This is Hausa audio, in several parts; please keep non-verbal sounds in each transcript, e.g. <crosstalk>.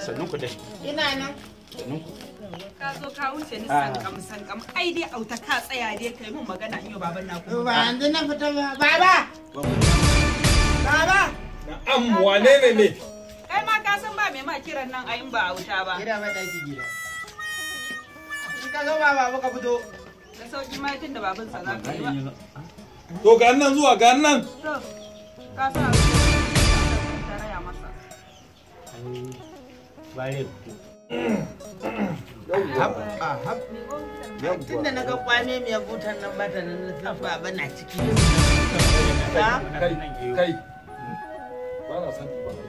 sannun ku dai ina nan sannun ku ka zo ka wuce ni ah. sankam sankam ai dai auta ka tsaya dai kai mun magana in yau baban na ku ba yanzu na fita ba baba baba na'am wane ne ne kai ma ka san ba me ma kiran nan ayin ba auta ba gida ba daki gida in ka zo baba ka fito da sauki ma tun da baban sa za ka yi ba to ga nan zuwa ga nan to ka sa ka raya masa bayan tun da na ga kwame mai butan nan bata nan na tafa ba na ciki kai ba na san ba a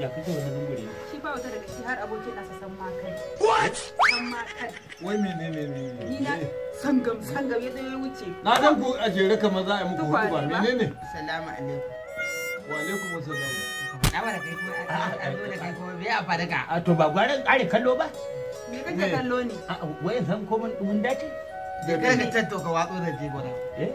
ya wani shi ba wata daga shi har abokin nasa san what san wai menene san gabe da ya wuce na dan ku a jere kamar za a yi muku hudu ba menene salamu alaikum wa alaikum salam na da kai kuma a da kai kuma bai a fadaka a to ba gwaran kare kallo ba me kake kallo ne a wayan san ko mun mun dace da kai ka tatto ka watso da jibo na eh?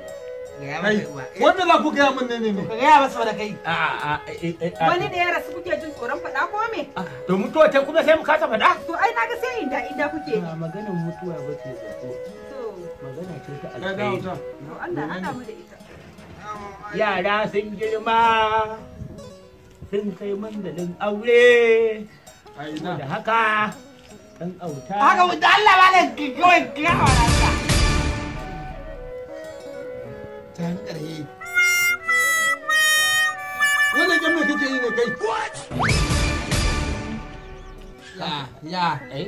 eh wanda za ku gaya min ne ne ka gaya masa da kai eh, eh, wani da ya rasu kuke jin tsoron faɗa ko me to mutuwa ta kuma sai mu kasa faɗa to ai na ga sai inda inda kuke ba maganar mutuwa ba ce zato yara sun girma sun kai mandalin aure da haka ɗan auta haka wuta Allah ba da kawai kiyawa na ta ta hankali wannan gamma kake yi ne kai ya ya eh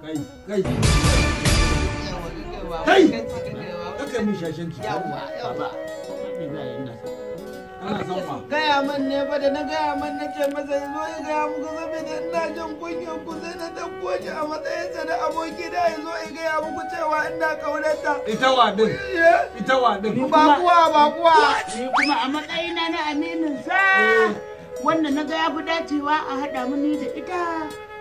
kai kai kai kake min shashanci yawa yawa gaya man ne fa da na gaya man na ke masa zo ya gaya muku saboda ina jan kunyar ku sai na dauko shi a matsayinsa na aboki da ya zo ya gaya muku cewa ina kaunarta. Ita wa din. Eh? Ita wa din. Ba kuwa ba kuwa. Ni kuma a matsayina na aminin sa. Eh. Wannan na ga ya fi dacewa a haɗa mini da ita.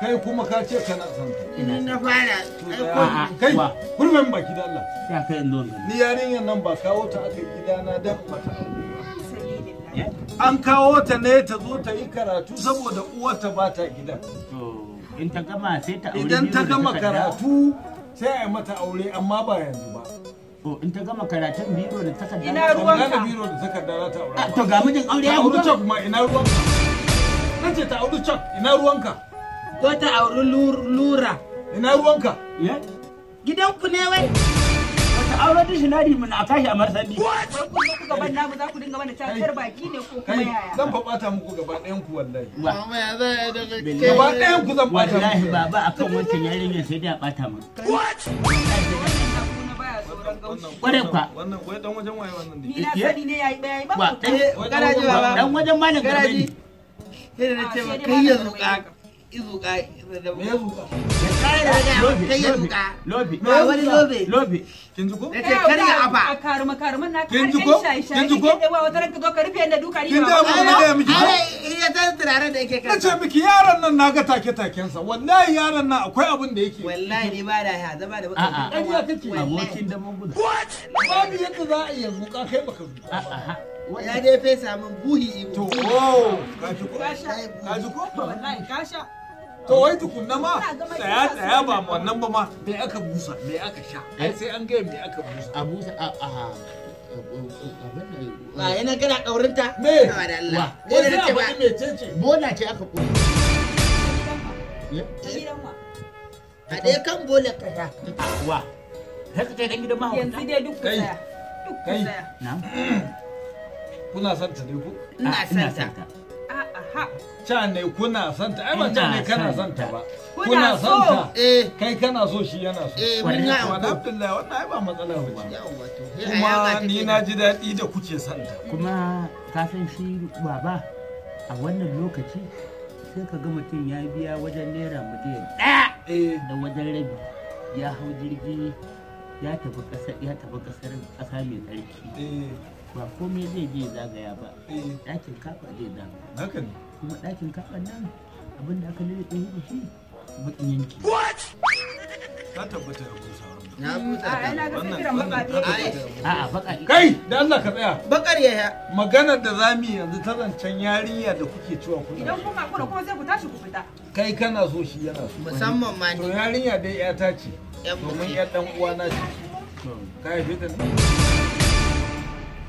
kai kuma ka ce kana son ta ina na fara kai kurmen baki da Allah ya kai indon ni yarinyar nan ba kawo ta aka gidana dan mata eh? an kawo ta ne ta zo ta yi karatu saboda uwarta ba ta gidan in ta gama sai ta aure idan ta gama karatu sai a yi mata aure amma ba yanzu ba to in ta gama karatun biro da takarda ina ruwan ka. ina biro da takarda za ta aure ah, to ga mijin aure ya hudu kuma ina ruwan ka. nace ta aure chak ina ka. zo ta auri lura ina ruwanka Gidan ku ne wai wata aure da shinari mun a kashi a marsandi ku zo ku gaban namu za ku dinga mana tafiyar baki ne ko kuma yaya zan fa bata muku gaba ɗayan ku wallahi mama ya za ya daga Gaba ɗayan ku zan bata wallahi baba akan wancan yarinyar sai dai a bata mu kwarai kwa wannan wai dan wajen waye wannan ne. ni na sani ne yayi bai ba Ba. dan wajen malam ne sai da na ce ba kai yanzu ka izuka me zuka da ga kai ya yaron nan naga take taken sa wallahi yaron nan akwai abin da yake wallahi ni ba da ha zama da baka a'a abokin da mun gudu what yadda za a yi zuka kai baka zuka ya dai fesa min buhi ibu to wow oh, kaji ko kaji ko wallahi ka sha to wai tukunna ma tsaya tsaya ba wannan ba ma me aka busa me aka sha eh? ai sai an gaya me aka busa a busa a a eh. ba yana gana a me da Allah bola da ce ba ce aka kuma eh? a ɗaya kan bola ka sha wa Zaka <clears throat> kuna son ta ne ko ina ah, son ta ca ne kuna son ta ai ba ca ne kana son ta ba kuna son ta eh. kai kana so shi yana so eh mun yi alhamdulillah wannan ai ba matsala ba eh, kuma ni na ji daɗi da kuke son ta kuma ka san shi baba a wannan lokaci sai ka ga mutum ya biya wajen naira miliyan ɗaya eh. da wajen rabi ya hau jirgi ya tafi ƙasar ya tafi ƙasar ƙasa mai tsarki ba komai zai je zagaya ba Dakin eh. kafa zai zagaya kuma dakin kafa nan abin da aka lalace shi da shi bakin yanki ka tabbata da kusa na buta kai da Allah ka tsaya bakar yaya maganar da zamu yanzu ta zancen yarinya da kuke cewa kuna idan kuma kuna kuma sai ku tashi ku fita kai kana so shi yana so musamman ma to yarinya dai ya ta ce domin ya dan uwana ce ka haife ta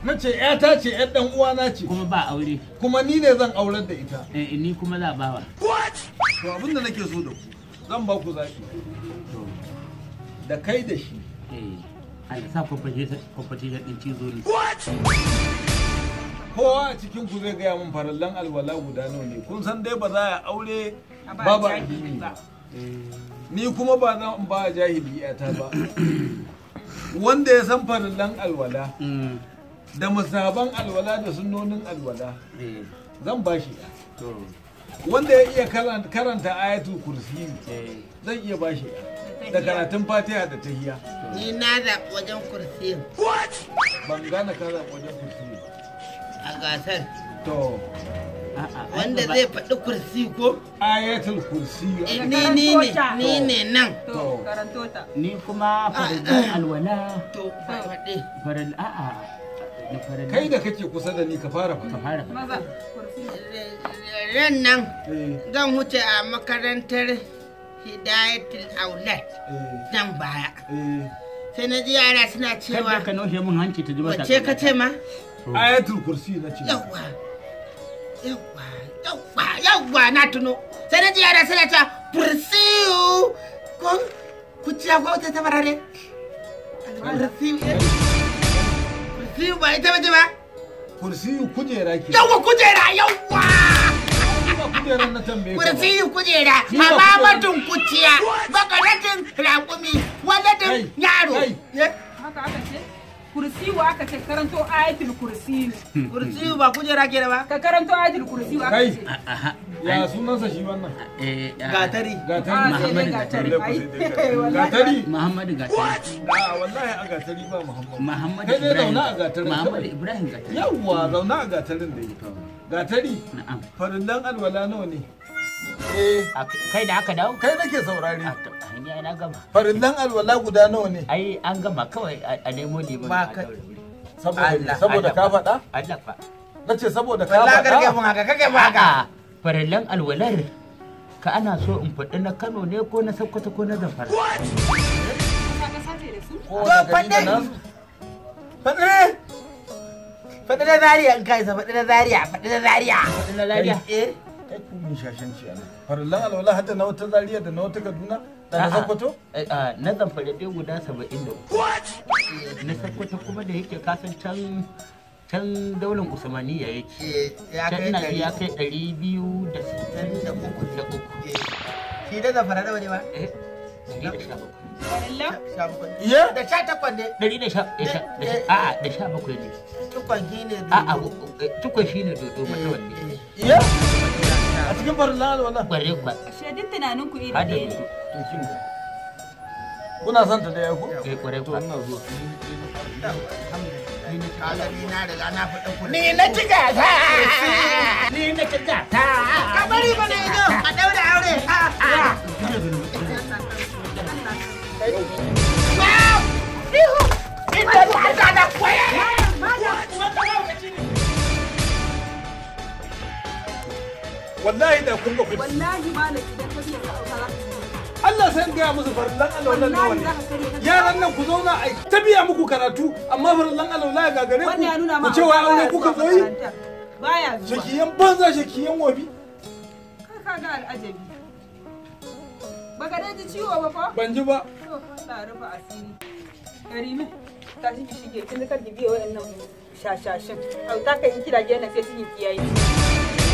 na ce ta ce yan dan na ce kuma ba aure kuma ni ne zan aurar da ita eh, eh ni kuma za bawa to abin da nake so da ku zan ba ku zaki da kai da shi eh Allah sa da din cizo ne kowa a cikin ku zai gaya min farallan alwala guda nawa ne kun san dai ba za a aure ba ba eh, ni kuma ba zan ba ta ba <coughs> wanda ya san farallan alwala mm. da mazaban alwala da sunnonin alwala eh. zan ba shi wanda ya iya karanta ayatul kursi eh. zan iya ba shi da karatun fatiha da tahiya ni na da wajen kursi ban gane ka zaɓi wajen kursi a gasar to wanda zai faɗi kursi ko? ayatul kursi eh, ni ni ne ni ne nan ni kuma ah, ah. farin alwala farin a'a kai da kake kusa da ni ka fara fara ran nan eh. zan huce a makarantar hidayatul aulad dan eh. baya eh. sai na ji yara suna cewa kai ka nohe mun hanci ta ji ta ce ka ce ma ayatul kursi na ce yawa yawa yawa yawa na tuno sai na ji yara suna cewa kursiyu ko ci ko wata tabarare kursiyu ita ba ita bace ba kursiyu kujera ke yawa kujera yawa kujerar na tambaye ka kursiyu kujera mamamatun kuciya bakaratin rakumi wadatin yaro kursi wa aka ce karanto ayatul kursi ne hmm. kursi ba kujera ke da ba ka karanto ayatul kursi wa aka ce ah, ah, ah. ya sa shi wannan eh, eh, gatari gatari muhammad gatari gatari muhammad <laughs> gatari a wallahi a gatari ba muhammad muhammad ibrahim zauna a gatari muhammad ibrahim gatari yawa zauna a gatarin da yi gatari na'am dan alwala nawa ne eh kai da aka dawo kai nake saurare ni ai na gama farillan alwala guda nawa ne ai an gama kawai a nemo liman ba ka saboda saboda ka faɗa Allah fa nace saboda ka faɗa wallahi kake mun haka kake mun haka farillan alwalar ka ana so in faɗi na Kano ne ko na Sokoto ko na Zamfara ko faɗi faɗi faɗi na zariya in kai sa faɗi na Zaria faɗi na zariya faɗi na zariya eh ai ku mun shashanci a nan farillan alwala hatta na wata zariya da na wata Kaduna na Sokoto? Eh, ah, na zamfara guda saba'in da Na Sokoto kuma da yake kasan can can daular Usmaniya yake. Eh, can ya kai ɗari biyu da sittin da uku. Eh. Shi da ba? da sha bakwai. ne. Tukwan shi ne dodo. A'a tukwan shi ne dodo mata wanne. a cikin farillan alwala bare tunanin ku iri ɗaya ne to kuna son ta da eh ina zuwa Ni na ci gasa! Ni na ci wallahi da kun ga kuɗi wallahi malam idan ka ce Allah sai ga musu farillan wannan nawa ne yaran nan ku zauna ai ta biya muku karatu amma farillan wallahi ga gare ku ku ce wa aure ku ka zoyi baya zuwa shakiyan banza shakiyan wabi ka ga al'ajabi baka dai ji ciwo ba fa ban ji ba to Allah rufa asiri karimi tashi ki shige kin kar sha biye wayannan shashashin auta kan kira gena sai sun yi kiyaye